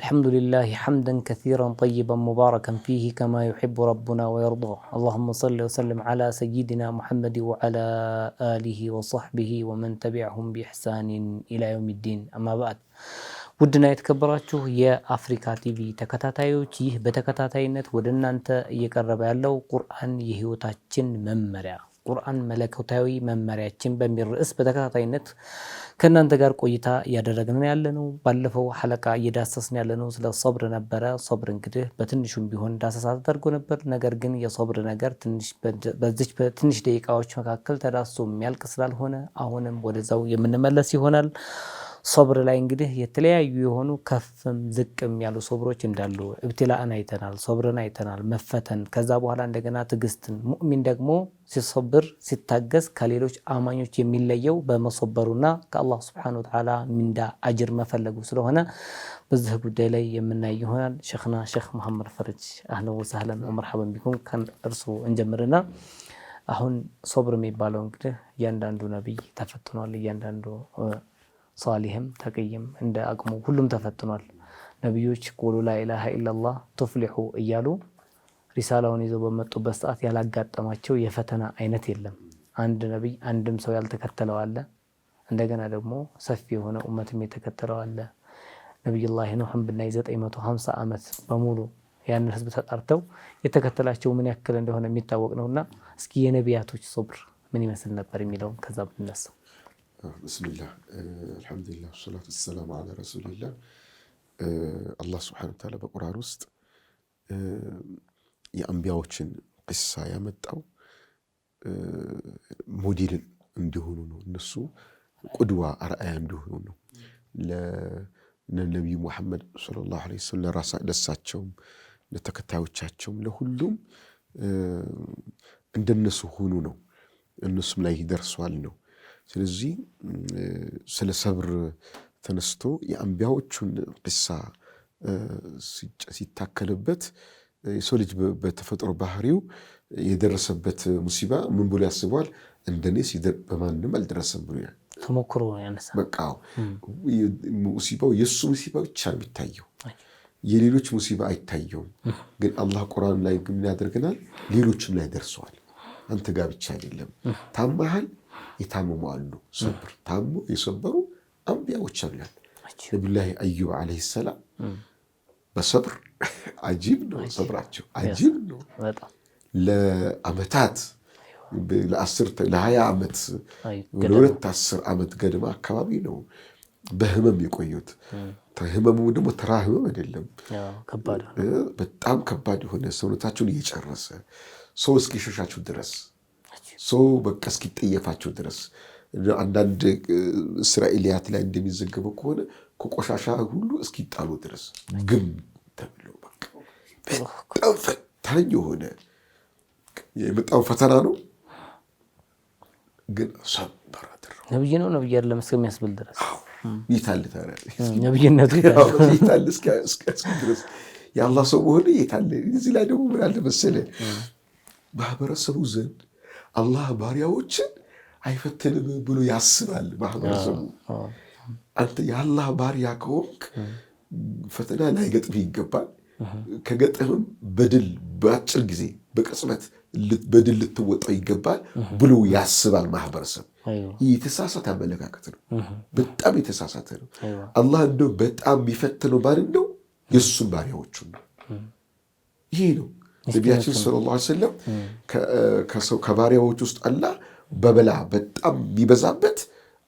الحمد لله حمدا كثيرا طيبا مباركا فيه كما يحب ربنا ويرضى اللهم صل وسلم على سيدنا محمد وعلى آله وصحبه ومن تبعهم بإحسان إلى يوم الدين أما بعد ودنا يتكبراتو يا أفريكا تي في تكتاتايو تيه بتكتاتاينت ودنا أنت يقرب يالو قرآن يهوتاتشن ممرا قرآن ملكوتاوي ممرا تشن بمير رئيس بتكتاتاينت ከእናንተ ጋር ቆይታ እያደረግን ነው። ባለፈው ሐለቃ እየዳሰስን ነው ስለ ሶብር ነበረ። ሶብር እንግዲህ በትንሹም ቢሆን ዳሰሳ ተደርጎ ነበር። ነገር ግን የሶብር ነገር በዚች በትንሽ ደቂቃዎች መካከል ተዳሶ የሚያልቅ ስላልሆነ አሁንም ወደዛው የምንመለስ ይሆናል። ሶብር ላይ እንግዲህ የተለያዩ የሆኑ ከፍም ዝቅም ያሉ ሶብሮች እንዳሉ እብትላእን አይተናል፣ ሶብርን አይተናል፣ መፈተን። ከዛ በኋላ እንደገና ትግስትን ሙእሚን ደግሞ ሲሶብር ሲታገስ ከሌሎች አማኞች የሚለየው በመሶበሩና ከአላህ ስብሓነ ወተዓላ ሚንዳ አጅር መፈለጉ ስለሆነ በዚህ ጉዳይ ላይ የምናይ ይሆናል። ሸይኽና ሸይኽ መሐመድ ፈረጅ አህለን ወሰህለን መርሐበን ቢኩም። ከእርሱ እንጀምርና አሁን ሶብር የሚባለው እንግዲህ እያንዳንዱ ነቢይ ተፈትኗል። እያንዳንዱ ሷሊህም ተቅይም እንደ አቅሙ ሁሉም ተፈትኗል። ነቢዮች ቁሉ ላኢላሃ ኢላላህ ቱፍሊሑ እያሉ ሪሳላውን ይዘው በመጡበት ሰዓት ያላጋጠማቸው የፈተና አይነት የለም። አንድ ነቢይ አንድም ሰው ያልተከተለው አለ። እንደገና ደግሞ ሰፊ የሆነ ኡመትም የተከተለው አለ። ነቢዩላህ ኑሕን ብናይ 950 ዓመት በሙሉ ያንን ህዝብ ተጣርተው የተከተላቸው ምን ያክል እንደሆነ የሚታወቅ ነውና እስኪ የነቢያቶች ሶብር ምን ይመስል ነበር የሚለውን ከዛ ብንነሳው ብስሚላህ አልሐምዱሊላህ ሰላቱ ሰላም አላ ረሱሊላህ። አላህ ስብሐነሁ ወተዓላ በቁርአን ውስጥ የአንቢያዎችን ቂሳ ያመጣው ሞዴልን እንዲሆኑ ነው። እነሱ ቁድዋ አርአያ እንዲሆኑ ነው ለነቢዩ ሙሐመድ ሰለላሁ ዐለይሂ ወሰለም ለሳቸውም፣ ለተከታዮቻቸውም፣ ለሁሉም እንደነሱ ሆኑ ነው። እነሱም ላይ ደርሷል ነው ስለዚህ ስለ ሰብር ተነስቶ የአንቢያዎቹን ቂሳ ሲታከልበት የሰው ልጅ በተፈጥሮ ባህሪው የደረሰበት ሙሲባ ምን ብሎ ያስበዋል? እንደኔ በማንም አልደረሰም ብሎ ተሞክሮ በቃ ሙሲባው የእሱ ሙሲባ ብቻ ነው የሚታየው፣ የሌሎች ሙሲባ አይታየውም። ግን አላህ ቁርአን ላይ ምን ያደርገናል? ሌሎችም ላይ ደርሰዋል፣ አንተ ጋር ብቻ አይደለም። ታመሃል የታመሙ አሉ። ሰብር ታሞ የሰበሩ አንቢያዎች አለን። ነቢዩላህ አዩብ ዓለይሂ ሰላም በሰብር አጂብ ነው። ሰብራቸው አጂብ ነው። ለአመታት ለሀያ ዓመት ለሁለት አስር ዓመት ገደማ አካባቢ ነው በህመም የቆዩት። ህመሙ ደግሞ ተራ ህመም አይደለም። በጣም ከባድ የሆነ ሰውነታቸውን እየጨረሰ ሰው እስኪሸሻችሁ ድረስ ሶ በቃ እስኪጠየፋቸው ድረስ አንዳንድ እስራኤልያት ላይ እንደሚዘገበው ከሆነ ከቆሻሻ ሁሉ እስኪጣሉ ድረስ ግም ተብሎ በጣም ፈታኝ የሆነ የመጣው ፈተና ነው። ግን ሰበር አደረገው። ነብይ ነው ነብይ አይደለም እስከሚያስብል ድረስ ይታል ነብይነቱ ይታል እስኪያስብል ድረስ የአላህ ሰው መሆን ይታል። እዚህ ላይ ደግሞ ምን አለ መሰለህ ማህበረሰቡ ዘንድ አላህ ባሪያዎችን አይፈትንም ብሎ ያስባል ማህበረሰቡ። አንተ የአላህ ባሪያ ከሆንክ ፈተና ላይገጥምህ ይገባል። ከገጠምም በድል በአጭር ጊዜ በቅጽበት በድል ልትወጣው ይገባል ብሎ ያስባል ማህበረሰብ። የተሳሳተ አመለካከት ነው። በጣም የተሳሳተ ነው። አላህ እንደው በጣም የሚፈትነው ባል እንደው የእሱም ባሪያዎቹን ነው። ይሄ ነው ነቢያችን ሰለላሁ ዐለይሂ ወሰለም ከሰው ከባሪያዎች ውስጥ አላህ በበላ በጣም የሚበዛበት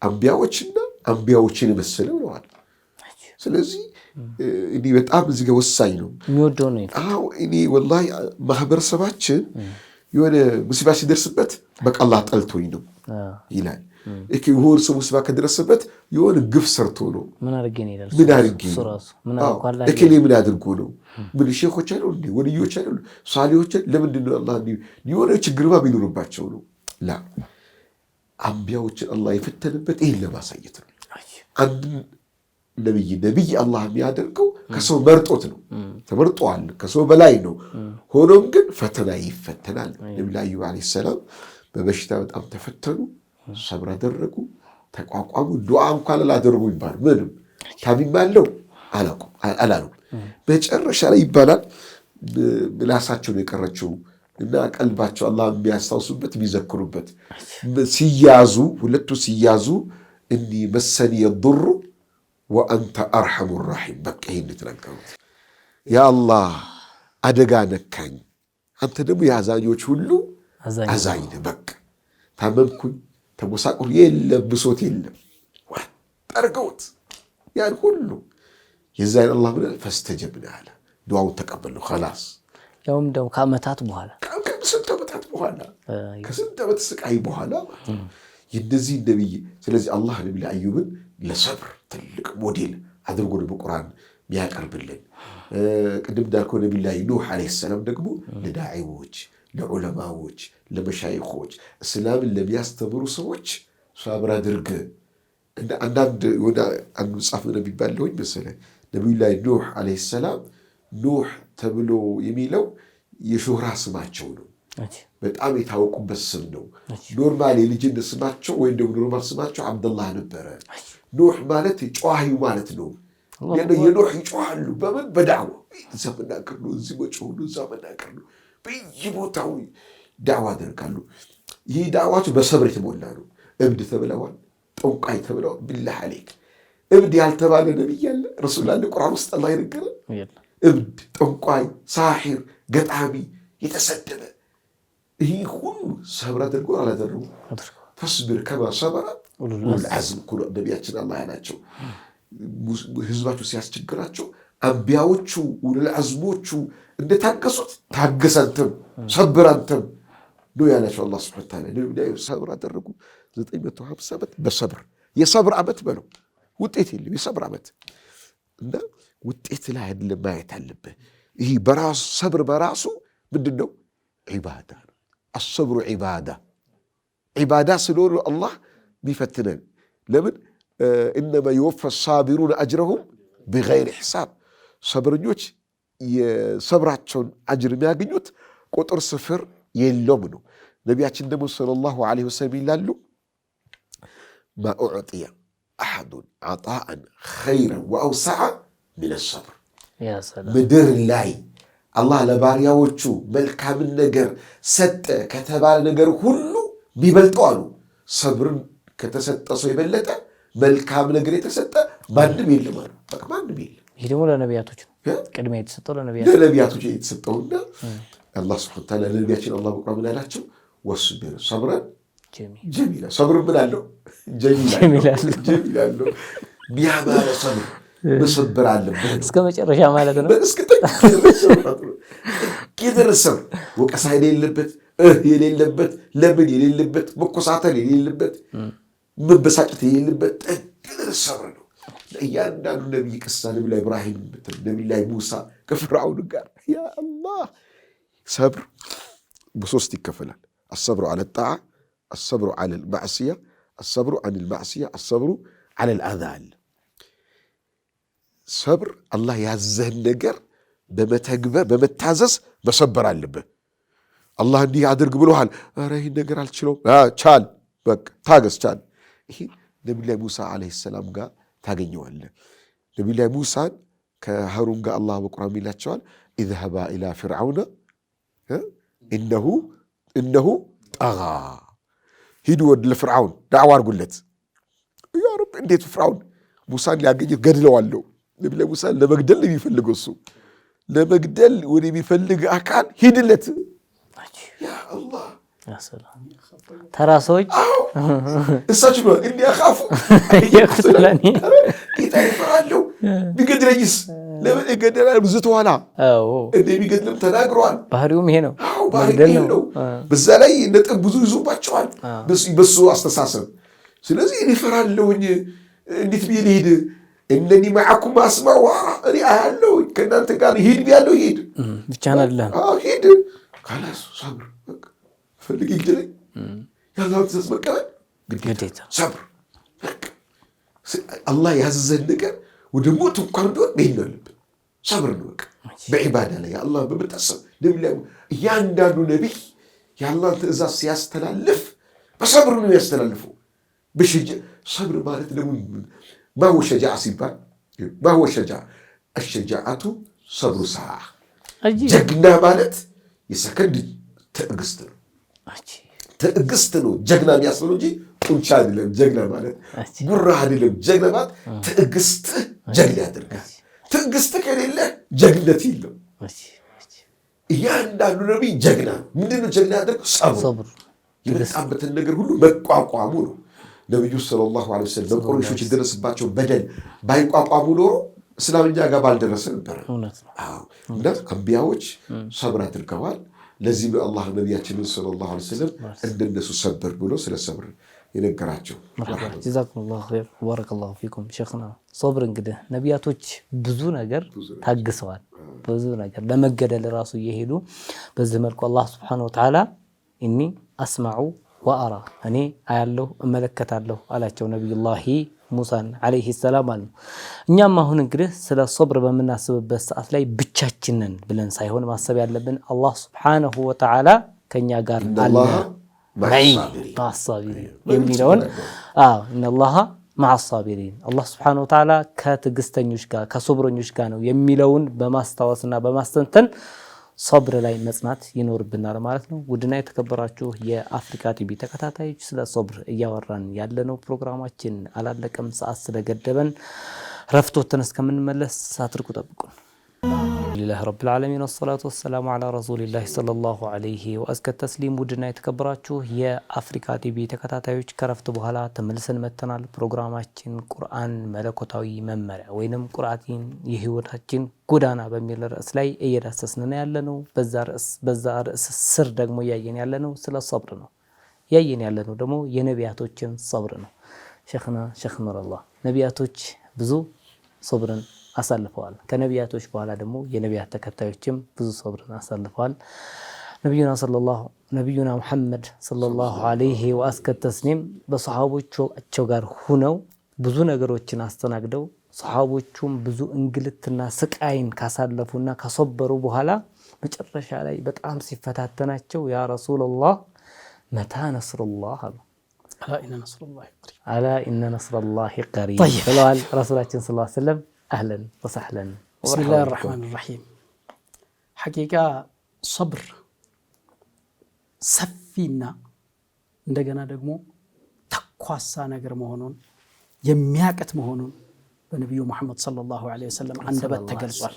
አንቢያዎችና አንቢያዎችን ይመስል ብለዋል። ስለዚህ እኔ በጣም እዚህ ጋር ወሳኝ ነው። እኔ ወላሂ ማህበረሰባችን የሆነ ሙሲባ ሲደርስበት በቃ አላህ ጠልቶኝ ነው ይላል። እሁድ ሰው ሙሲባ ከደረሰበት የሆነ ግፍ ሰርቶ ነው። ምን አድርጌ ምን አድርጎ ነው? ምን ሼኮች አይደሉ እንዴ? ወልዮች አይደሉ? ሳሌዎች ለምንድን ነው አላህ የሆነ ችግርማ ቢኖርባቸው ነው? ላ አንቢያዎችን አላህ የፈተነበት ይህን ለማሳየት ነው። አንድ ነብይ ነቢይ አላህ የሚያደርገው ከሰው መርጦት ነው። ተመርጠዋል፣ ከሰው በላይ ነው። ሆኖም ግን ፈተና ይፈተናል። ነቢዩ ዓለይሂ ሰላም በበሽታ በጣም ተፈተኑ። ሰብር አደረጉ፣ ተቋቋሙ። ዱዓ እንኳን አላደረጉ ይባል ምንም ታሚማለው አላሉ። መጨረሻ ላይ ይባላል ምላሳቸውን የቀረችው እና ቀልባቸው አላህ የሚያስታውሱበት የሚዘክሩበት ሲያዙ ሁለቱ ሲያዙ እኒ መሰን የዱሩ ወአንተ አርሐሙ ራሒም። በቃ ይህን የተናገሩት ያ አደጋ ነካኝ፣ አንተ ደግሞ የአዛኞች ሁሉ አዛኝ ነህ። በቃ ታመምኩኝ ተጎሳቁር የለም ብሶት የለም። ጠርገውት ያን ሁሉ የዛን አላህ ብለን ፈስተጀብና አለ ድዋውን ተቀበሉ። ላስ ያውም ደ ከአመታት በኋላ ከስንት ዓመታት በኋላ ከስንት ዓመት ስቃይ በኋላ የነዚህ ነቢይ ስለዚህ አላህ ነቢይ አዩብን ለሰብር ትልቅ ሞዴል አድርጎን በቁርአን ሚያቀርብልን ቅድም እንዳልከው ነቢዩላህ ኑህ ዓለይሂ ሰላም ደግሞ ለዳዒዎች፣ ለዑለማዎች፣ ለመሻይኮች እስላምን ለሚያስተምሩ ሰዎች ሷብር አድርግ። አንዳንድ ወደ አንዱ መጽሐፍ ነው የሚባለውኝ መሰለህ ነቢዩላህ ኑህ ዓለይሂ ሰላም ኑህ ተብሎ የሚለው የሾህራ ስማቸው ነው። በጣም የታወቁበት ስም ነው። ኖርማል የልጅነት ስማቸው ወይም ደግሞ ኖርማል ስማቸው አብደላህ ነበረ። ኑህ ማለት የጨዋሂው ማለት ነው። የኖህ ይጮሃሉ። በምን በዳዋ እዛ መናገር ነው፣ እዚህ መጮህ ነው፣ እዛ መናገር ነው። በየቦታው ዳዋ አደርጋሉ። ይህ ዳዋቱ በሰብር የተሞላ ነው። እብድ ተብለዋል፣ ጠንቋይ ተብለዋል። ቢላህ አሌክ እብድ ያልተባለ ነቢይ አለ? ረሱል አለ? ቁርአን ውስጥ አላህ ይነገረ እብድ፣ ጠንቋይ፣ ሳሒር፣ ገጣሚ የተሰደበ ይህ ሁሉ ሰብር አድርጎ አላደረጉ። ፈስብር ከማ ሰበረ ኡሉል ኩሎ ነቢያችን አላህ ናቸው። ህዝባቸው ሲያስቸግራቸው አንቢያዎቹ ለሕዝቦቹ እንደታገሱት ታገሰ አንተም ሰብር አንተም ነው ያላቸው አላህ ሱብሓነሁ ወተዓላ። ሰብር አደረጉ። ዘጠኝ መቶ ሀምሳ ዓመት በሰብር የሰብር ዓመት በለው ውጤት የለም የሰብር ዓመት እና ውጤት ላይ አይደለም ማየት አለብህ። ይህ በራሱ ሰብር በራሱ ምንድን ነው? ዒባዳ ነው። አሰብሩ ዒባዳ ዒባዳ ስለሆነ አላህ ሚፈትነን ለምን እነማ የወፋ ሳቢሩን አጅረሁም ቢገይር ሒሳብ ሰብረኞች የሰብራቸውን አጅር የሚያገኙት ቁጥር ስፍር የለውም ነው። ነቢያችን ደግሞ ሰለላሁ ዐለይሂ ወሰለም ይላሉ ማ ኡዕጢየ አሐዱን ዓጣአን ኸይረን ወአውሰዐ ሚነ ሰብር ምድር ላይ አላህ ለባሪያዎቹ መልካምን ነገር ሰጠ ከተባለ ነገር ሁሉ የሚበልጠው አሉ ሰብርን ከተሰጠ ሰው የበለጠ መልካም ነገር የተሰጠ ማንም የለም አሉ። ማንም የለም። ይሄ ደግሞ ለነቢያቶች ነው ቅድሚያ የተሰጠው ለነቢያቶች የተሰጠውና አላህ ስብሐነ ተዓላ ለነቢያችን አላህ በቁርአን ምን አላቸው? ወስብር ሰብረን ጀሚላ። ሰብር ምን አለው? ጀሚላ አለው። ቢያማረ ሰብር ምስብር አለበት እስከ መጨረሻ ማለት ነው። እስከየደረሰብ ወቀሳ የሌለበት እህ የሌለበት ለምን የሌለበት መኮሳተል የሌለበት መበሳጨት የሌለበት ጠንቅል የተሰራ ነው። ለእያንዳንዱ ነቢይ ቅሳ ነቢ ላይ ኢብራሂም ነቢ ላይ ሙሳ ከፍርዓውን ጋር ያአላህ ሰብር በሶስት ይከፈላል። አሰብሩ አለ ጣዓ፣ አሰብሩ አለ ልማዕስያ፣ አሰብሩ አን ልማዕስያ፣ አሰብሩ አለ ልአዛ አለ ሰብር አላህ ያዘህን ነገር በመተግበር በመታዘዝ መሰበር አለብህ። አላህ እንዲህ አድርግ ብሎሃል። ኧረ ይህን ነገር አልችለውም። ቻል፣ በቃ ታገስ፣ ቻል ይሄ ላይ ሙሳ ዓለይሂ ሰላም ጋር ታገኘዋለህ። ላይ ሙሳን ከሃሩን ጋር አላህ በቁርአን ይላቸዋል፣ ኢዝሃባ ኢላ ፊርዐውነ እነሁ ጠጋ፣ ሂዱ ወደ ለፍርዓውን ዳዕዋ አርጉለት። ያ ረብ እንዴት ፍርዓውን ሙሳን ሊያገኘት ገድለዋለሁ። ላይ ሙሳን ለመግደል ነው የሚፈልገው እሱ ለመግደል ወደ የሚፈልግ አካል ሂድለት። ያ አላህ ተራ ሰዎች እሳችሁ እንዲያ ካፉ የቁስለኔ ጌታ ይፈራሉ። ቢገድለኝስ? ለምን እገደላለሁ? ብዙ ተኋላ ቢገድልም ተናግረዋል። ባህሪውም ይሄ ነው፣ ነው። በዛ ላይ ነጥብ ብዙ ይዞባቸዋል በሱ አስተሳሰብ። ስለዚህ እኔ እፈራለሁኝ፣ እንዴት ብዬ ልሄድ? እነኒ መዓኩም አስማ ወአራ፣ እኔ አያለሁኝ፣ ከእናንተ ጋር ሂድ፣ ያለው ሂድ፣ ብቻ አይደለም ሂድ ካላሱ ፈልግ ይግደለኝ ያለ ትእዛዝ መቀበል ግዴታ ሰብር። አላህ ያዘዘን ነገር ወደ ሞት እንኳን ቢሆን ነው አለብን። ሰብር ነው በቃ በዒባዳ ላይ አላህ በመታሰብ ነቢ እያንዳንዱ ነቢይ የአላህን ትእዛዝ ሲያስተላልፍ በሰብር ነው ያስተላልፉ። በሸጃ ሰብር ማለት ለምን ማወ ሸጃ ሲባል ማወ ሸጃ አሸጃአቱ ሰብሩ ሰዓ ጀግና ማለት የሰከንድ ትዕግስት ነው። ትዕግስት ነው ጀግና የሚያስብሉ እንጂ ጡንቻ አይደለም። ጀግና ማለት ጉራ አይደለም። ጀግና ማለት ትዕግስት ጀግና ያደርጋል። ትዕግስት ከሌለ ጀግነት የለም። እያንዳንዱ ነቢይ ጀግና ነው። ምንድነው ጀግና ያደርግ ሰብሩ የመጣበትን ነገር ሁሉ መቋቋሙ ነው። ነቢዩ ሰለላሁ ዐለይሂ ወሰለም በቁረይሾች የደረስባቸው በደል ባይቋቋሙ ኖሮ እስላም ጋር ባልደረሰ ነበረ። እና አንቢያዎች ሰብር አድርገዋል። ለዚህ ነው አላህ ነቢያችንን ሰለላሁ ዐለይሂ ወሰለም እንደነሱ ሰብር ብሎ ስለ ሰብር የነገራቸው። ጀዛኩሙላሁ ኸይር ወባረከላሁ ፊኩም ሼኽና። ሶብር እንግዲህ ነቢያቶች ብዙ ነገር ታግሰዋል። ብዙ ነገር ለመገደል ራሱ እየሄዱ በዚህ መልኩ አላህ ሱብሓነሁ ወተዓላ ኢኒ አስማዑ ወአራ እኔ አያለሁ እመለከታለሁ አላቸው ነቢዩላሂ ሙሳን ዓለይሂ ሰላም አሉ። እኛም አሁን እንግዲህ ስለ ሶብር በምናስብበት ሰዓት ላይ ብቻችንን ብለን ሳይሆን ማሰብ ያለብን አላህ ሱብሓነሁ ወተዓላ ከእኛ ጋር አለ ማሳቢሪ የሚለውን እነላሃ ማሳቢሪን አላህ ሱብሓነሁ ወተዓላ ከትዕግስተኞች ጋር ከሶብረኞች ጋር ነው የሚለውን በማስታወስና በማስተንተን ሶብር ላይ መጽናት ይኖርብናል ማለት ነው። ውድና የተከበራችሁ የአፍሪካ ቲቪ ተከታታዮች ስለ ሶብር እያወራን ያለነው ፕሮግራማችን አላለቀም፣ ሰዓት ስለገደበን ረፍቶትን እስከምንመለስ አትርቁ ጠብቁን። ሊላህ ረብል ዓለሚን ወሰላቱ ወሰላሙ ዓላ ረሱሊላህ ሰለላሁ ዓለይሂ ወአዝከ ተስሊም። ውድና የተከበራችሁ የአፍሪካ ቲቪ ተከታታዮች ከረፍት በኋላ ተመልሰን መጥተናል። ፕሮግራማችን ቁርአን መለኮታዊ መመሪያ ወይንም ቁርአን የህይወታችን ጎዳና በሚል ርዕስ ላይ እየዳሰስን ያለነው በዛ ርዕስ ስር ደግሞ እያየን ያለነው ስለ ሰብር ነው። እያየን ያለነው ደግሞ የነቢያቶችን ሰብር ነው። ሸይኽና ሸይኽ ኑረላህ ነቢያቶች ብዙ ሰብርን አሳልፈዋል። ከነቢያቶች በኋላ ደግሞ የነቢያት ተከታዮችም ብዙ ሰብርን አሳልፈዋል። ነቢዩና ሙሐመድ ሰለላሁ ዓለይሂ ወአስከ ተስሊም በሰሃቦቻቸው ጋር ሁነው ብዙ ነገሮችን አስተናግደው ሰሓቦቹም ብዙ እንግልትና ስቃይን ካሳለፉና ካሶበሩ በኋላ መጨረሻ ላይ በጣም ሲፈታተናቸው ያ ረሱለላህ መታ ነስሩላህ አሉ። አላ ኢነ ነስሩላሂ ቀሪብ ብለዋል ረሱላችን ሰለላሁ ዓለይሂ ወሰለም። اهلا وسهلا بسم الله الرحمن الرحيم حقيقه صبر سفينا እንደገና جنا دغمو تقواسا نغر مهونون يمياقت مهونون بنبي محمد صلى الله عليه وسلم عند بتغلصل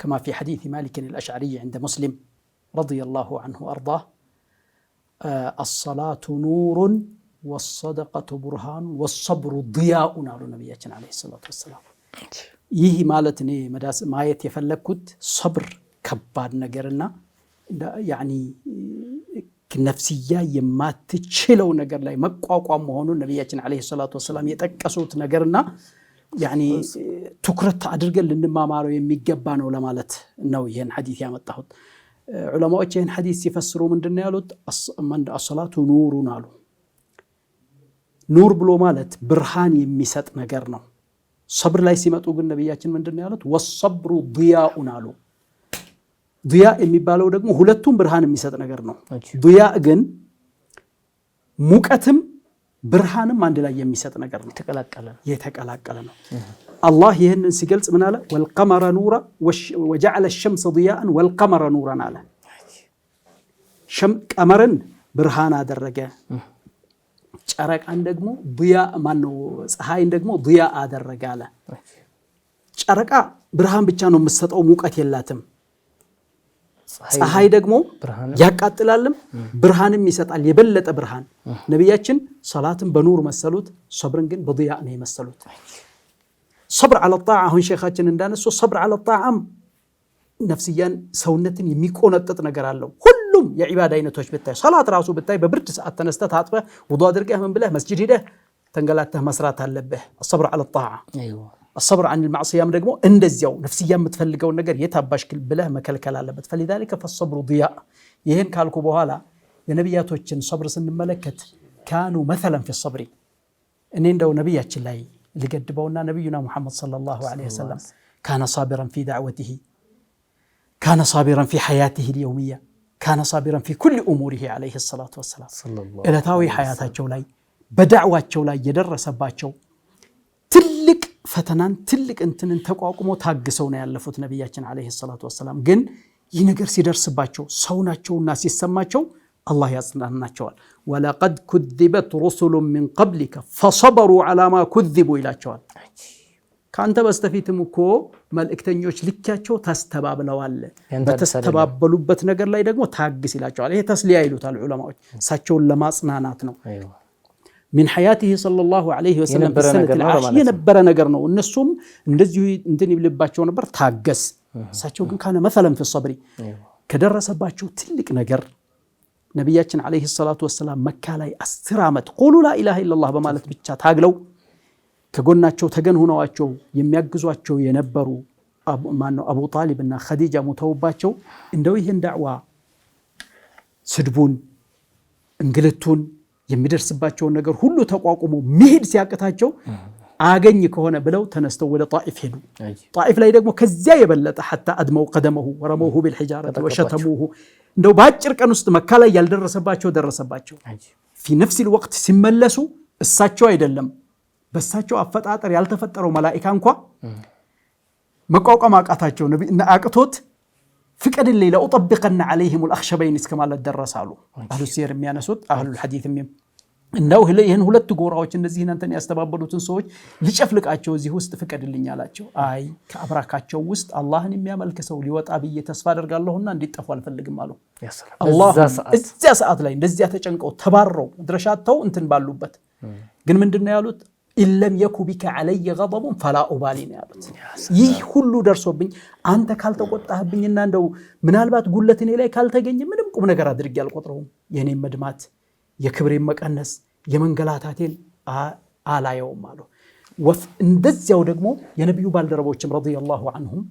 كما في حديث مالك الاشعري عند مسلم رضي الله عنه وارضاه الصلاة نور والصدقة برهان والصبر ضياء نار نبينا عليه الصلاة والسلام ይህ ማለት እኔ መዳስ ማየት የፈለግኩት ሰብር ከባድ ነገርና ነፍስያ የማትችለው ነገር ላይ መቋቋም መሆኑን ነቢያችን ዓለይሂ ሰላቱ ወሰላም የጠቀሱት ነገርና ና ትኩረት አድርገን ልንማማረው የሚገባ ነው ለማለት ነው ይህን ሐዲስ ያመጣሁት። ዑለማዎች ይህን ሐዲስ ሲፈስሩ ምንድነው ነው ያሉት? አሰላቱ ኑሩን አሉ። ኑር ብሎ ማለት ብርሃን የሚሰጥ ነገር ነው። ሰብር ላይ ሲመጡ ግን ነቢያችን ምንድን ነው ያሉት? ወሰብሩ ዱያኡን አሉ። ዱያ የሚባለው ደግሞ ሁለቱም ብርሃን የሚሰጥ ነገር ነው። ዱያ ግን ሙቀትም ብርሃንም አንድ ላይ የሚሰጥ ነገር ነው፣ የተቀላቀለ ነው። አላህ ይህንን ሲገልጽ ምን አለ? ወልቀመረ ኑራ ወጀዐለ ሸምሰ ድያእን ወልቀመረ ኑረን አለ። ቀመርን ብርሃን አደረገ ጨረቃን ደግሞ ብያ ማነው ፀሐይን ደግሞ ብያ አደረገ አለ። ጨረቃ ብርሃን ብቻ ነው የምትሰጠው፣ ሙቀት የላትም። ፀሐይ ደግሞ ያቃጥላልም ብርሃንም ይሰጣል፣ የበለጠ ብርሃን። ነቢያችን ሰላትን በኑር መሰሉት፣ ሰብርን ግን በድያ ነው የመሰሉት። ሰብር አለጣ አሁን ሼካችን እንዳነሱ ሰብር አለጣም። ነፍስያን ሰውነትን የሚቆነጥጥ ነገር አለው። ሁሉም የዒባዳ አይነቶች ብታይ ሰላት ራሱ ብታይ በብርድ ሰዓት ተነስተ ታጥበ ውዱ አድርገህ ምን ብለህ መስጅድ ሄደህ ተንገላተህ መስራት አለብህ። አሰብር አለ ጣዓ አሰብር አን ልማዕስያም ደግሞ እንደዚያው ነፍስያ የምትፈልገውን ነገር የታባሽ ክል ብለህ መከልከል አለበት። ፈሊዛሊከ ፈሰብሩ ድያ። ይህን ካልኩ በኋላ የነቢያቶችን ሰብር ስንመለከት ካኑ መተለን ፊ ሰብሪ እኔ እንደው ነቢያችን ላይ ልገድበውና ነቢዩና ሙሐመድ ሰለላሁ ዐለይሂ ወሰለም ካነ ሳቢረን ፊ ዳዕወቲሂ ካነ ሳቢረን ፊ ሐያትህ ልየውምያ ካነ ሳቢረን ፊ ኩል እሙሪህ ዓለይህ ሰላቱ ወሰላም። ዕለታዊ ሐያታቸው ላይ በዳዕዋቸው ላይ የደረሰባቸው ትልቅ ፈተናን ትልቅ እንትንን ተቋቁሞ ታግሰው ነው ያለፉት ነቢያችን ዓለይህ ሰላቱ ወሰላም። ግን ይህ ነገር ሲደርስባቸው ሰው ናቸውና ሲሰማቸው አላህ ያጽናናቸዋል። ወለቀድ ኩዚበት ሩሱሉ ሚን ቀብሊከ ፈሰበሩ ዓላማ ማ ይላቸዋል። ከአንተ በስተፊትም እኮ መልእክተኞች ልኪያቸው ተስተባብለዋል። በተስተባበሉበት ነገር ላይ ደግሞ ታግስ ይላቸዋል። ይሄ ተስሊያ ይሉታል ዑለማዎች፣ እሳቸውን ለማጽናናት ነው። ሚን ሐያቲህ ሰለላሁ ዐለይሂ ወሰለም የነበረ ነገር ነው። እነሱም እንደዚሁ እንትን ይብልባቸው ነበር ታገስ። እሳቸው ግን ካነ መሰለን ፊ ከደረሰባቸው ትልቅ ነገር ነቢያችን ዐለይሂ ሰላቱ ወሰላም መካ ላይ አስር ዓመት ቁሉ ላኢላሃ ኢለላህ በማለት ብቻ ታግለው ከጎናቸው ተገን ሆነዋቸው የሚያግዟቸው የነበሩ ማነው አቡ ጣሊብ እና ኸዲጃ ሞተውባቸው እንደው ይህን ዳዕዋ ስድቡን፣ እንግልቱን የሚደርስባቸውን ነገር ሁሉ ተቋቁሞ መሄድ ሲያቅታቸው አገኝ ከሆነ ብለው ተነስተው ወደ ጣኢፍ ሄዱ። ጣኢፍ ላይ ደግሞ ከዚያ የበለጠ ሐታ አድመው ቀደመሁ ወረመውሁ ቢልሒጃረቲ ወሸተሙሁ እንደው በአጭር ቀን ውስጥ መካ ላይ ያልደረሰባቸው ደረሰባቸው። ፊ ነፍሲል ወቅት ሲመለሱ እሳቸው አይደለም በእሳቸው አፈጣጠር ያልተፈጠረው መላኢካ እንኳ መቋቋም አቃታቸው። አቅቶት ፍቀድልኝ ለኡጠቢቀና ዓለይሂም አልአኽሸበይን እስከ ማለት ደረሰ አህሉ ሲየር የሚያነሱት አህሉ ሐዲት እንደው ይህን ሁለት ጎራዎች እነዚህ እናንተን ያስተባበሉትን ሰዎች ልጨፍልቃቸው እዚህ ውስጥ ፍቀድልኝ አላቸው። አይ ከአብራካቸው ውስጥ አላህን የሚያመልክ ሰው ሊወጣ ብዬ ተስፋ አደርጋለሁና እንዲጠፉ አልፈልግም አሉ። እዚያ ሰዓት ላይ እንደዚያ ተጨንቀው ተባረው ድረሻተው እንትን ባሉበት ግን ምንድነው ያሉት? ኢለም የኩ ቢከ ዓለየ ፈላ ኡባሊ ነው ያሉት። ይህ ሁሉ ደርሶብኝ አንተ ካልተቆጣህብኝና እንደው ምናልባት ጉለት እኔ ላይ ካልተገኘ ምንም ቁም ነገር አድርጌ አልቆጥረውም። የእኔም መድማት፣ የክብሬን መቀነስ፣ የመንገላታቴን አላየውም አሉ። እንደዚያው ደግሞ የነቢዩ ባልደረቦችም ረዲየላሁ አንሁም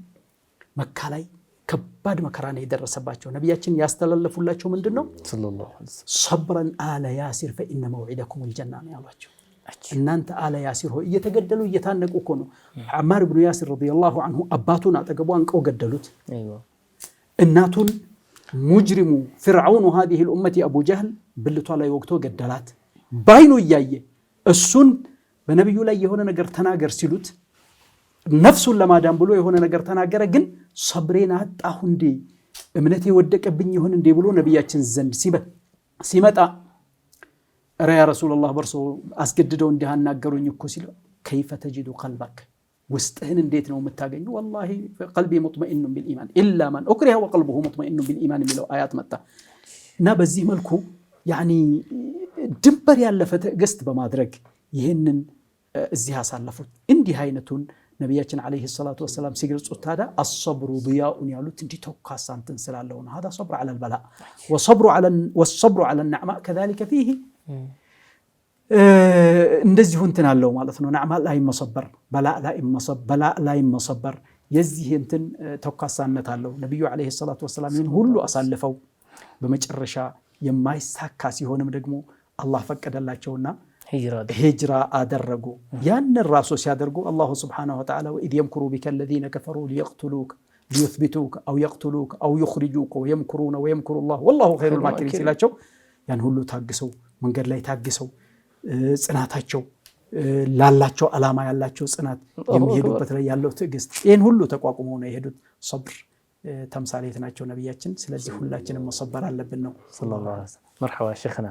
መካ ላይ ከባድ መከራ ነው የደረሰባቸው። ነቢያችን ያስተላለፉላቸው ምንድን ነው? ሰብረን አለ ያሲር ፈኢነ መውዒደኩም ልጀና ነው ያሏቸው። እናንተ አለ ያሲር ሆይ እየተገደሉ እየታነቁ እኮ ነው። አማር ብኑ ያሲር ረዲየላሁ አንሁ አባቱን አጠገቡ አንቀው ገደሉት። እናቱን ሙጅሪሙ ፍርዓውኑ ሃዚህ ልኡመት የአቡ ጀህል ብልቷ ላይ ወግቶ ገደላት። ባይኑ እያየ እሱን በነቢዩ ላይ የሆነ ነገር ተናገር ሲሉት ነፍሱን ለማዳን ብሎ የሆነ ነገር ተናገረ። ግን ሰብሬን አጣሁ እንዴ እምነቴ ወደቀብኝ ይሆን እንዴ ብሎ ነቢያችን ዘንድ ሲመጣ ረ ያ ረሱላላህ በእርሶ አስገድደው እንዲህ አናገሩኝ እኮ ሲለው ከይፈ ተጅዱ ቀልበክ ውስጥህን እንዴት ነው የምታገኘው? ወላሂ ቀልቢ ሙጥመኢኑ ቢልኢማን ኢላ ማን ኡክሪሃ ወቀልቡሁ ሙጥመኢኑ ቢልኢማን የሚለው አያት መጣ እና በዚህ መልኩ ያኒ ድንበር ያለፈ ትዕግስት በማድረግ ይህንን እዚህ አሳለፉት። እንዲህ አይነቱን ነቢያችን ዓለይሂ ሰላቱ ወሰላም ሲገልጹት ታዲያ አሰብሩ ድያኡን ያሉት እንዲህ ተኳሳ እንትን ስላለው ነው። ሀዳ ሰብሩ ዐለል በላ ወሰብሩ ዐለል ነዕማ ከዛሊከ ፊህ እንደዚሁ እንትን አለው ማለት ነው። ናዕማ ላይ መሰበር በላእ ላይ መሰበር የዚህ እንትን ተኳሳነት አለው። ነቢዩ ዓለይሂ ሰላቱ ወሰላም ይህን ሁሉ አሳልፈው በመጨረሻ የማይሳካ ሲሆንም ደግሞ አላህ ፈቀደላቸውና ሂጅራ አደረጉ። ያንን ራሱ ሲያደርጉ አላሁ ስብሓነሁ ወተዓላ ወኢዝ የምኩሩ ቢከ ለዚነ ከፈሩ ሊየቅትሉክ ሊዩትቢቱክ አው የቅትሉክ አው ዩኽሪጁክ ወየምኩሩነ ወየምኩሩ ላህ ወላሁ ኸይሩል ማኪሪን ሲላቸው ያን ሁሉ ታግሰው መንገድ ላይ ታግሰው ጽናታቸው ላላቸው አላማ ያላቸው ጽናት የሚሄዱበት ላይ ያለው ትዕግስት ይህን ሁሉ ተቋቁመው ነው የሄዱት። ሰብር ተምሳሌት ናቸው ነቢያችን። ስለዚህ ሁላችንም መሰበር አለብን ነው። መርሐባ ሸክና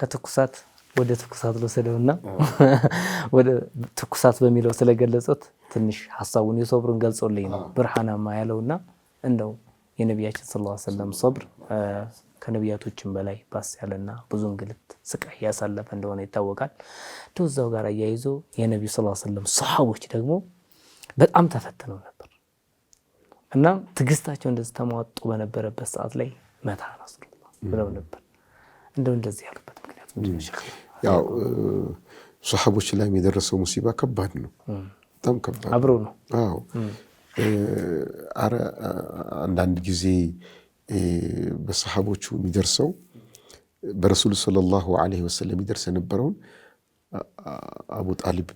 ከትኩሳት ወደ ትኩሳት ልወሰደውና ወደ ትኩሳት በሚለው ስለገለጹት ትንሽ ሀሳቡን የሶብርን ገልጾልኝ ነው ብርሃናማ ያለውና እንደው የነቢያችን ሰለላሁ ዐለይሂ ወሰለም ሶብር ከነቢያቶችን በላይ ባስ ያለና ብዙ እንግልት ስቃይ ያሳለፈ እንደሆነ ይታወቃል። ትውዛው ጋር አያይዞ የነቢዩ ስ ዐለይሂ ወሰለም ሰሃቦች ደግሞ በጣም ተፈትነው ነበር እና ትግስታቸው እንደዚህ ተሟጦ በነበረበት ሰዓት ላይ መታ ረሱሉላ ብለው ነበር። እንደው እንደዚህ ያሉበት ምክንያት ያው ሰሃቦች ላይ የደረሰው ሙሲባ ከባድ ነው፣ በጣም ከባድ አብሮ ነው። አዎ አንዳንድ ጊዜ በሰሓቦቹ የሚደርሰው በረሱሉ ሰለላሁ ዐለይሂ ወሰለም የሚደርስ የነበረውን አቡ ጣሊብ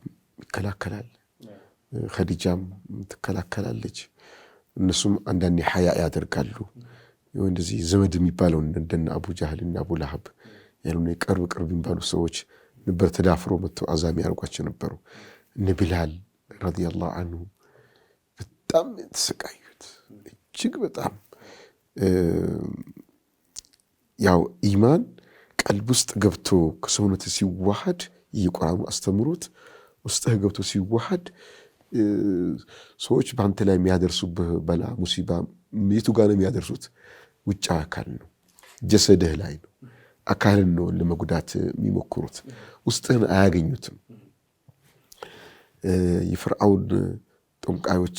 ይከላከላል። ኸዲጃም ትከላከላለች። እነሱም አንዳንዴ ሀያ ያደርጋሉ። እንደዚህ ዘመድ የሚባለው እንደነ አቡ ጃህልና አቡ ላሀብ ያሉ ቅርብ ቅርብ የሚባሉ ሰዎች ነበር ተዳፍሮ መጥቶ አዛሚ ያደርጓቸው ነበሩ። እነ ቢላል ረዲየላሁ አንሁ በጣም ተሰቃዩት፣ እጅግ በጣም ያው ኢማን ቀልብ ውስጥ ገብቶ ከሰውነት ሲዋሃድ የቁርአኑ አስተምሮት ውስጥህ ገብቶ ሲዋሃድ ሰዎች በአንተ ላይ የሚያደርሱብህ በላ ሙሲባ የቱ ጋር ነው የሚያደርሱት? ውጭ አካል ነው፣ ጀሰድህ ላይ ነው፣ አካልን ነው ለመጉዳት የሚሞክሩት፣ ውስጥህን አያገኙትም። የፍርአውን ጠንቋዮች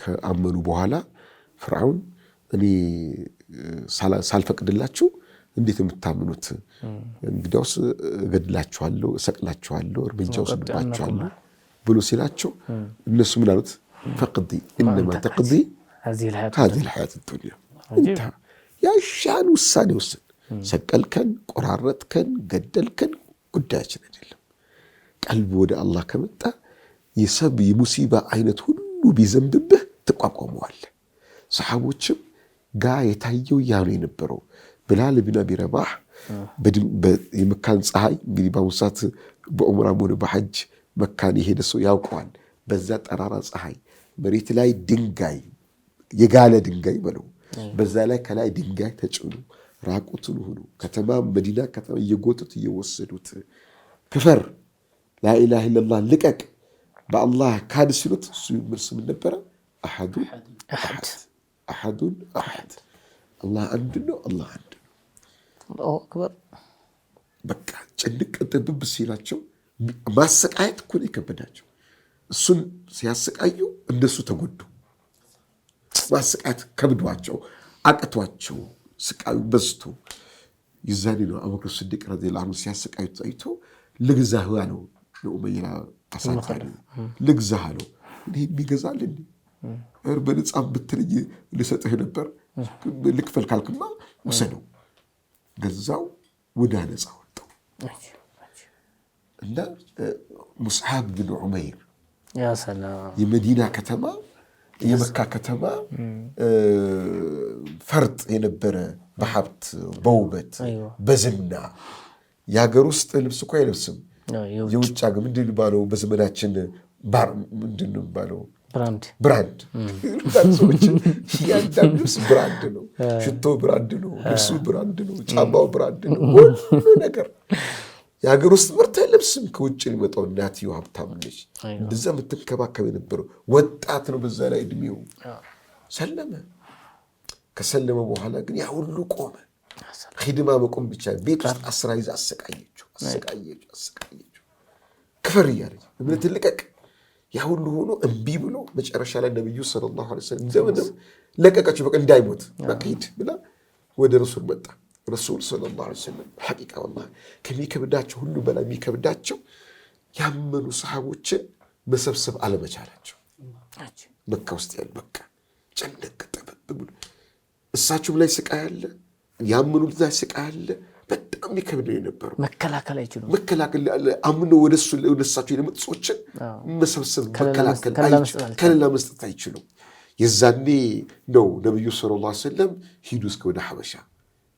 ከአመኑ በኋላ ፍርአውን እኔ ሳልፈቅድላችሁ እንዴት የምታምኑት? እንግዲያውስ እገድላችኋለሁ፣ እሰቅላችኋለሁ፣ እርምጃ ውስድባችኋለሁ ብሎ ሲላቸው እነሱ ምን አሉት? ፈቅዲ እነማ ተቅዲ ሀዚህ ልሀያት ዱኒያ እንታ ያሻን ውሳኔ ውስን ሰቀልከን፣ ቆራረጥከን፣ ገደልከን ጉዳያችን አይደለም። ቀልብ ወደ አላህ ከመጣ የሰብ የሙሲባ አይነት ሁሉ ቢዘንብብህ ትቋቋመዋለህ። ሰሓቦችም ጋ የታየው ያ ነው የነበረው። ብላል ብን አቢ ረባህ የመካን ፀሐይ እንግዲህ በአሁኑ ሰዓት በዑምራም ሆነ በሐጅ መካን የሄደ ሰው ያውቀዋል። በዛ ጠራራ ፀሐይ መሬት ላይ ድንጋይ የጋለ ድንጋይ በለው በዛ ላይ ከላይ ድንጋይ ተጭኑ ራቁትን ሆኑ ከተማ መዲና ከተማ እየጎጡት እየወሰዱት ክፈር ላኢላህ ኢለላህ ልቀቅ በአላህ ካድ ሲሉት እሱ ምን ነበረ? አሐዱ አሐድ አሐዱን አሐድ አላህ አንድ ነው። አላህ አንድ ነው። በቃ ጭንቅ ጥብብ ሲላቸው ማሰቃየት እኮ ነው የከበዳቸው። እሱን ሲያሰቃዩ እነሱ ተጎዱ። ማሰቃየት ከብዷቸው አቅቷቸው ስቃዩ በዝቶ ይዛኔ ነው አቡበክር ስዲቅ ረዲየላሁ ዐንሁ ሲያሰቃዩት ታይቶ ልግዛህ አለው ለኡመይራ አሳካሪ ልግዛህ አለው ይህ የሚገዛል በነፃ ብትልይ ልሰጥህ ነበር፣ ልክፈል ካልክማ ውሰደው። ገዛው፣ ወደ ነፃ ወጣው እና ሙስሓብ ብን ዑመይር የመዲና ከተማ የመካ ከተማ ፈርጥ የነበረ በሀብት በውበት በዝና የሀገር ውስጥ ልብስ እኮ አይለብስም። የውጭ ምንድን ባለው በዘመናችን ባር ምንድን ባለው ብራንድ ሰዎችን እያንዳንዱ ብራንድ ነው። ሽቶ ብራንድ ነው። ልብሱ ብራንድ ነው። ጫማው ብራንድ ነው። ሁሉ ነገር የሀገር ውስጥ ምርት ልብስም ከውጭ ሊመጣው እናትየው ሀብታም ነች። እንደዛ የምትንከባከብ የነበረው ወጣት ነው። በዛ ላይ እድሜው ሰለመ። ከሰለመ በኋላ ግን ያ ሁሉ ቆመ። ሂድማ መቆም ብቻ ቤት ውስጥ አስራ ይዛ አሰቃየችው፣ አሰቃየችው፣ አሰቃየችው። ክፈር እያለች እምነት ልቀቅ ያ ሁሉ ሆኖ እምቢ ብሎ መጨረሻ ላይ ነቢዩ ሰለላሁ ዐለይሂ ወሰለም ዘመንም ለቀቀችው። በቃ እንዳይሞት በቃ ሂድ ብላ ወደ ረሱል መጣ። ረሱል ሰለላሁ ዐለይሂ ወሰለም ሐቂቃ ወላሂ ከሚከብዳቸው ሁሉ በላይ የሚከብዳቸው ያመኑ ሰሃቦችን መሰብሰብ አለመቻላቸው መካ ውስጥ ያሉ በቃ ጨነቀ ጠበብ ብሎ እሳችሁም ላይ ስቃይ አለ፣ ያመኑት ላይ ስቃይ አለ። በጣም ይከብድ የነበረው መከላከል አይችሉም። መከላከል አምኖ ወደሱ ወደሳቸው የመጡ ሰዎችን መሰብሰብ መከላከል ከለላ መስጠት አይችሉም። የዛኔ ነው ነቢዩ ሰለላሁ ዐለይሂ ወሰለም ሂዱ እስከ ወደ ሐበሻ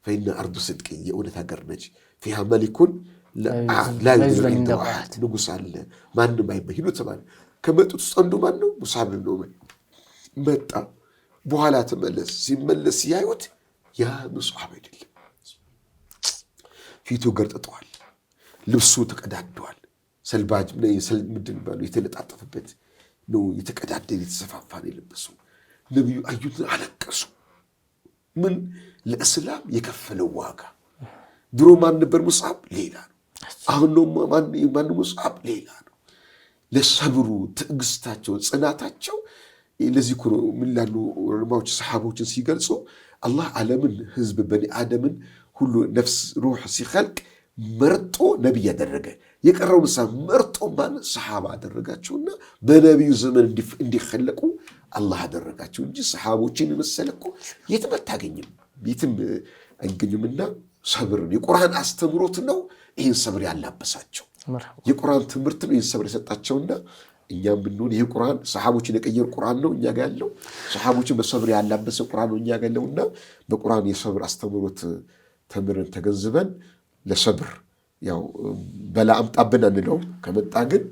ፈኢነ አርዱ ስድቅ የእውነት ሀገር ነች ፊሃ መሊኩን ላዩዘለዋት ንጉስ አለ ማንም አይመ ሂዱ ተባለ። ከመጡት ውስጥ አንዱ ማን ነው? ሙሳብ ነው። ዑመይር መጣ። በኋላ ተመለስ ሲመለስ ያዩት ያ ሙስዓብ አይደለም ፊቱ ገርጥጠዋል፣ ልብሱ ተቀዳደዋል። ሰልባጅ ምንድን ባለው የተለጣጠፈበት ነው። የተቀዳደን የተሰፋፋ የለበሱ ነቢዩ አዩት አለቀሱ። ምን ለእስላም የከፈለው ዋጋ ድሮ ማን ነበር? ሙስዓብ ሌላ ነው። አሁን ማን ሙስዓብ ሌላ ነው። ለሰብሩ ትዕግስታቸው፣ ጽናታቸው ለዚህ እኮ ነው ምን ላሉ ዑለማዎች ሰሓቦችን ሲገልጹ አላህ ዓለምን ህዝብ በኒ አደምን ሁሉ ነፍስ ሩህ ሲኸልቅ መርጦ ነቢይ ያደረገ የቀረው ንሳ መርጦ ማለት ሰሓባ አደረጋቸውና በነቢዩ ዘመን እንዲኸለቁ አላህ አደረጋቸው እንጂ ሰሓቦችን የመሰለ እኮ የትም አታገኝም፣ የትም አይገኙምና ሰብርን የቁርአን አስተምሮት ነው ይህን ሰብር ያላበሳቸው የቁርአን ትምህርት ነው ይህን ሰብር የሰጣቸውና እኛም ብንሆን ይህ ቁርአን ሰሓቦችን የቀየር ቁርአን ነው እኛ ጋ ያለው። ሰሓቦችን በሰብር ያላበሰ ቁርአን ነው እኛ ጋ ያለውና በቁርአን የሰብር አስተምሮት ተምረን ተገንዝበን ለሰብር ያው በላ አምጣብን አንለውም። ከመጣ ግን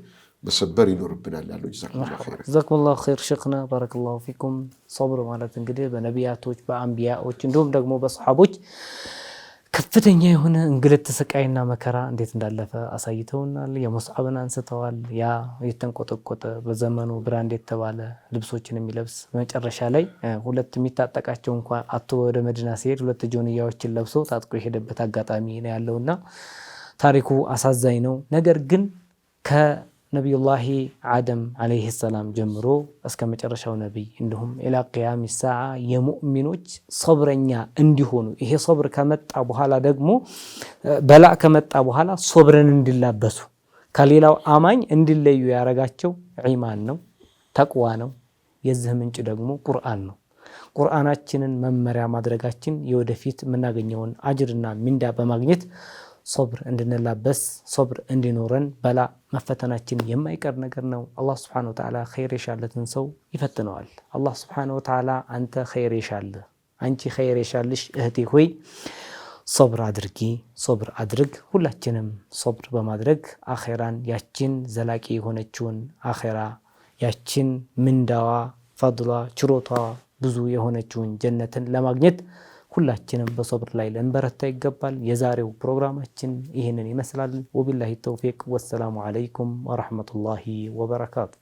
መሰበር ይኖርብናል ያሉ ጀዛኩሙላሁ ኸይር ሼኽና ባረከላሁ ፊኩም። ሰብር ማለት እንግዲህ በነቢያቶች በአንቢያዎች እንዲሁም ደግሞ በሰሓቦች ከፍተኛ የሆነ እንግልት ስቃይና መከራ እንዴት እንዳለፈ አሳይተውናል። የሙስዓብን አንስተዋል። ያ የተንቆጠቆጠ በዘመኑ ብራንድ የተባለ ልብሶችን የሚለብስ መጨረሻ ላይ ሁለት የሚታጠቃቸው እንኳን አቶ ወደ መዲና ሲሄድ ሁለት ጆንያዎችን ለብሶ ታጥቆ የሄደበት አጋጣሚ ነው ያለውና ታሪኩ አሳዛኝ ነው። ነገር ግን ነቢዩላሂ አደም ዓለይሂ ሰላም ጀምሮ እስከ መጨረሻው ነቢይ እንዲሁም ኢላ ቅያሚ ሰዓ የሙእሚኖች ሶብረኛ እንዲሆኑ ይሄ ሶብር ከመጣ በኋላ ደግሞ በላ ከመጣ በኋላ ሶብርን እንዲላበሱ ከሌላው አማኝ እንዲለዩ ያረጋቸው ኢማን ነው፣ ተቅዋ ነው። የዚህ ምንጭ ደግሞ ቁርአን ነው። ቁርአናችንን መመሪያ ማድረጋችን የወደፊት የምናገኘውን አጅርና ሚንዳ በማግኘት ሶብር እንድንላበስ ሶብር እንዲኖረን በላ መፈተናችን የማይቀር ነገር ነው። አላህ ስብሓነሁ ወተዓላ ኸይር የሻለትን ሰው ይፈትነዋል። አላህ ስብሓነሁ ወተዓላ አንተ ኸይር የሻለ አንቺ ኸይር የሻልሽ እህቴ ሆይ ሶብር አድርጊ፣ ሶብር አድርግ። ሁላችንም ሶብር በማድረግ አኼራን ያችን ዘላቂ የሆነችውን አኼራ ያችን ምንዳዋ፣ ፈድሏ፣ ችሮቷ ብዙ የሆነችውን ጀነትን ለማግኘት ሁላችንም በሶብር ላይ ልንበረታ ይገባል። የዛሬው ፕሮግራማችን ይህንን ይመስላል። ወቢላሂ ተውፊቅ ወሰላሙ አለይኩም ወረሕመቱላሂ ወበረካቱ።